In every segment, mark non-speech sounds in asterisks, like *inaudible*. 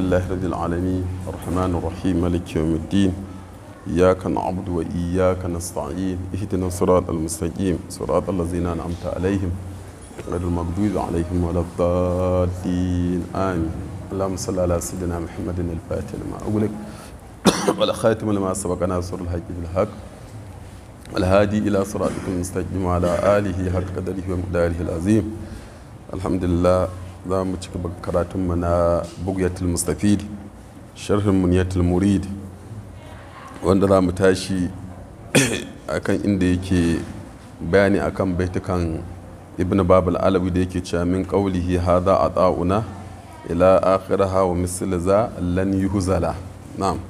الله رب العالمين الرحمن الرحيم ملك يوم الدين إياك نعبد وإياك نستعين اهدنا الصراط المستقيم صراط الذين أنعمت عليهم غير المغضوب عليهم ولا الضالين آمين اللهم صل على سيدنا محمد الفاتح لما أغلق *coughs* خاتم لما سبق ناصر الحج بالحق الهادي إلى صراطك المستقيم وعلى آله حق قدره ومقداره العظيم الحمد لله za mu ci gaba karatunmu na bugyatul mustafid sharhin munyatul murid wanda za mu tashi *coughs* akan inda yake bayani akan baitukan ibn babal alawi da yake cewa min qawlihi hadha ata'una ila akhiraha wa misl za lan yuhzala na'am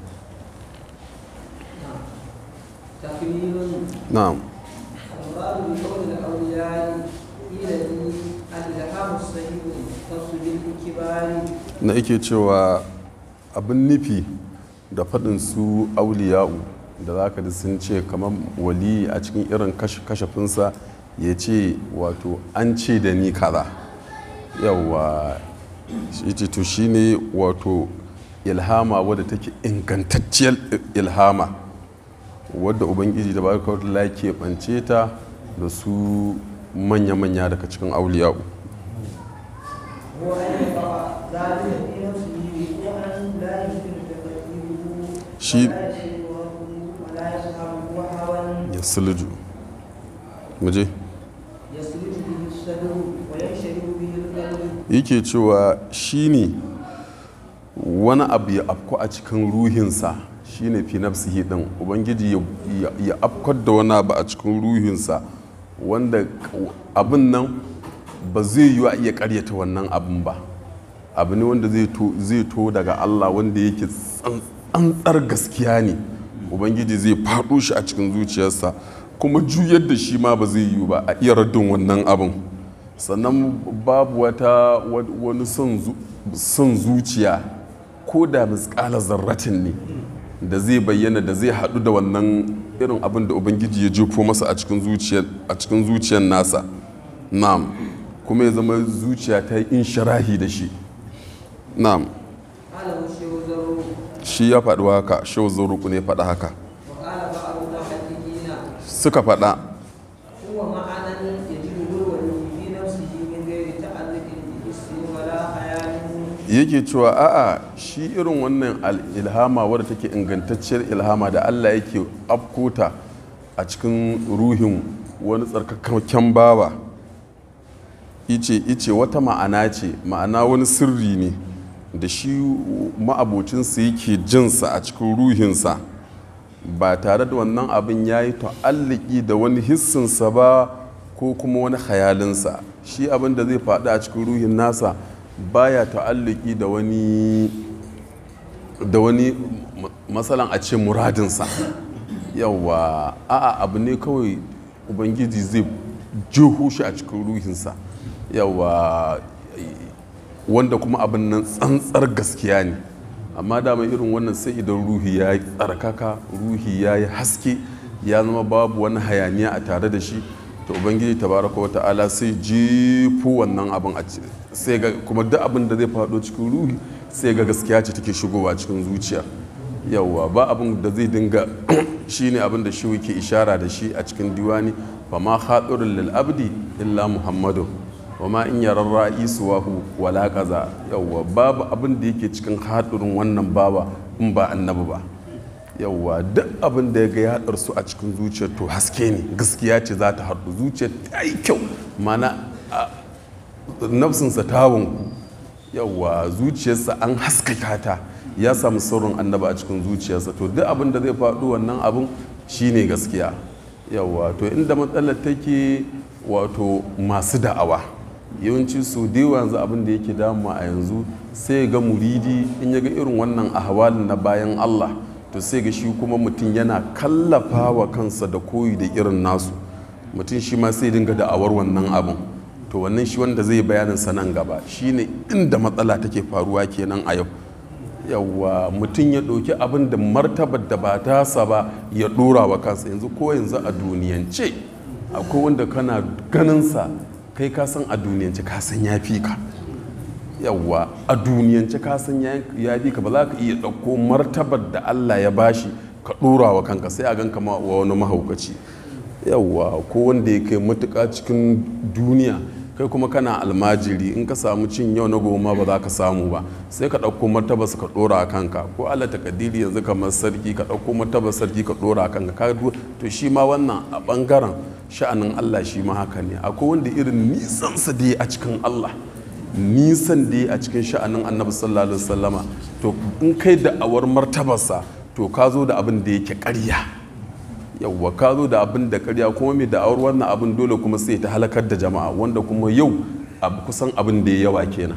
na'am na ike cewa abin nufi da faɗin su auliya'u da za ka sun ce kamar wali a cikin irin kashafinsa ya ce wato an ce da ni kaza yawa shi to shi ne wato ilhama wadda take ingantacciyar ilhama wadda ubangiji da barkar la ke ɓance ta da su manya-manya daga cikin auliya'u shi ya muje yake cewa shi ne wani abu ya afku a cikin ruhinsa shi ne fi nafsihi din ubangiji ya afkar da wani abu a cikin ruhinsa wanda abin nan ba zai yi a iya karyata wannan abin ba abu ne wanda zai to daga allah wanda yake tsantsar gaskiya ne ubangiji zai faɗo shi a cikin zuciyarsa kuma juyar da shi ma ba zai yi ba a iya raddin wannan abin sannan babu wata wani son zuciya ko da miskala zarratin ne da zai bayyana da zai haɗu da wannan irin abin da ubangiji ya jefo masa a cikin zuciyar nasa na'am kuma ya zama zuciya ta yi sharahi da shi na'am shi ya faɗi haka shehu ku ne faɗa haka suka faɗa yake cewa a'a shi irin wannan ilhama wadda take ingantacciyar ilhama da allah yake afkota a cikin ruhin wani tsarkakakken bawa ice ice wata ma'ana ce ma'ana wani sirri ne da shi ma'abocinsa yake jinsa a cikin ruhinsa ba tare da wannan abin ya yi ta'alliki da wani hissinsa ba ko kuma wani hayalinsa shi abin da zai faɗi a cikin ruhin nasa baya ta'alliki da wani da wani matsalan a ce muradinsa yawa a'a abu ne kawai ubangiji zai jihu shi a cikin ruhinsa yawa wanda kuma abin nan tsantsar gaskiya ne amma dama irin wannan sai idan ruhi ya yi tsarkaka ruhi ya yi haske ya zama babu wani hayaniya a tare da shi ta ubangiji tabaraka wa ta'ala sai jefo wannan abin a sai ga kuma duk abin da zai faɗo cikin ruhi sai ga gaskiya ce take shigowa cikin zuciya yawa ba abin da zai dinga *clears throat* shine abin da shi ke ishara da shi a cikin diwani ba ma khatirul lil abdi illa muhammadu wa ma in yaran hu wala kaza yauwa babu abin da yake cikin haɗurin wannan baba in ba annabi ba yauwa duk abin da ya ga ya su a cikin zuciyar to haske ne gaskiya ce za ta haɗu zuciyar ta yi kyau mana nafsinsa ta wanku zuciyarsa an haskaka ta ya samu saurin annaba a cikin zuciyarsa to duk abin da zai faɗo wannan abin shine gaskiya yauwa to inda matsalar take wato masu da'awa yawanci su da yanzu abin da yake damu a yanzu sai ga muridi in ya ga irin wannan ahwalin na bayan Allah to sai ga shi kuma mutum yana kallafa wa kansa da koyi da irin nasu mutum shi ma sai dinga da'awar wannan abin to wannan shi wanda zai bayanin sanan nan gaba shine inda matsala take faruwa kenan a yau yawa mutum ya ɗauki abin da martabar da ba tasa ba ya ɗora wa kansa yanzu ko yanzu a duniyance akwai wanda kana ganinsa kai ka san a duniyance ka san ya fi ka yawwa a duniyance ka san ya fi ka ba za ka iya ɗauko martabar da Allah ya bashi ka ɗora wa kanka sai a gan kama wa wani mahaukaci yawwa ko wanda ya kai matuƙa cikin duniya kai kuma kana almajiri in ka samu cin yau na goma ba za ka samu ba sai ka ɗauko martaba ka ɗora a kanka ko allah kadiri yanzu kamar sarki ka ɗauko martaba sarki ka ɗora a kanka ka to shi ma wannan a ɓangaren sha'anin allah shi ma haka ne akwai wanda irin nisan sa dai a cikin allah nisan da a cikin sha'anin annabi sallallahu alaihi wasallama to in kai da awar martabarsa to ka zo da abin da yake ƙarya Yauwa ka zo da abin da karya kuma mai da'awar wannan abin dole kuma sai ta halakar da jama'a wanda kuma yau kusan abin da ya yawa kenan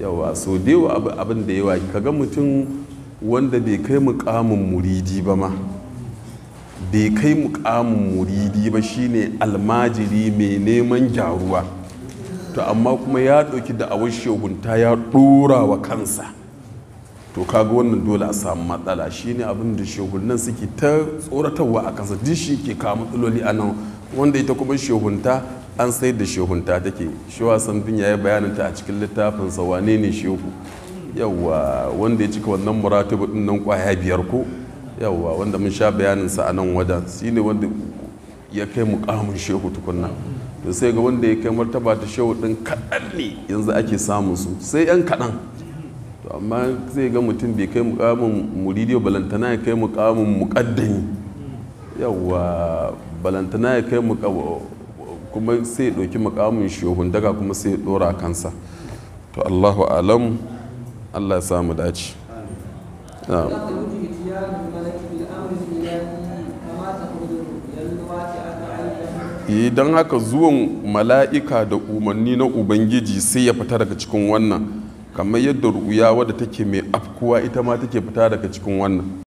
Yauwa so da abin da yawa kaga mutum wanda bai kai mukamin muridi ba ma bai kai mukamin muridi ba shine almajiri mai neman gyaruwa to amma kuma ya ɗauki da awon shehunta ya ɗora wa kansa to kaga wannan dole a samu matsala shine abin da shehunan suke ta tsoratarwa a kansa duk shi ke kawo matsaloli a nan wanda ita kuma shehunta an sai da shehunta take shewa bin ya yi bayaninta a cikin littafin sa wane ne shehu yawwa wanda ya cika wannan muratubu din nan kwaya biyar ko yawwa wanda mun sha bayanin sa a nan wadan shine wanda ya kai mukamin shehu tukunna to sai ga wanda ya kai martaba ta shehu din kaɗan ne yanzu ake samun su sai yan kaɗan amma zai ga mutum bai kai mukamin muridiyo balantana ya kai mukamin mukaddani yawa balantana ya kai kuma sai ɗauki mukamin shehun daga kuma sai ɗora kansa to allahu alam allah ya samu dace idan eh, don haka zuwan mala'ika da umarni na ubangiji sai ya fita daga cikin wannan kamar yadda ru'uya wadda take mai afkuwa ita ma take fita daga cikin wannan